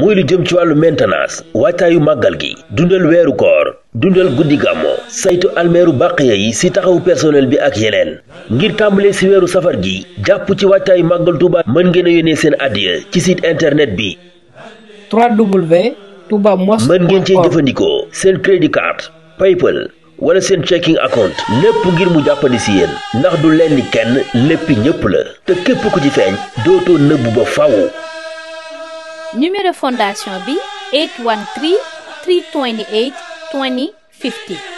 muy lu jëm ci wàllu maintenance waajtaayu màggal gi dundal weeru koor dundal guddi gàmmo saytu almeeru bàqiya yi si taxawu personnel bi ak yeneen ngir tàmbalee si weeru safar gi jàpp ci waajtaayu màggal Touba mën ngeen a yónnee seen addiya ci site internet bi mën ngeen ci jëfandikoo seen crédit card paypal wala seen checking account lépp ngir mu jàppandi si yéen ndax du lenn kenn léppi ñëpp la te képp ku ci feeñ dootoo nëbb ba faw numéro fondation bi 813 328 20 50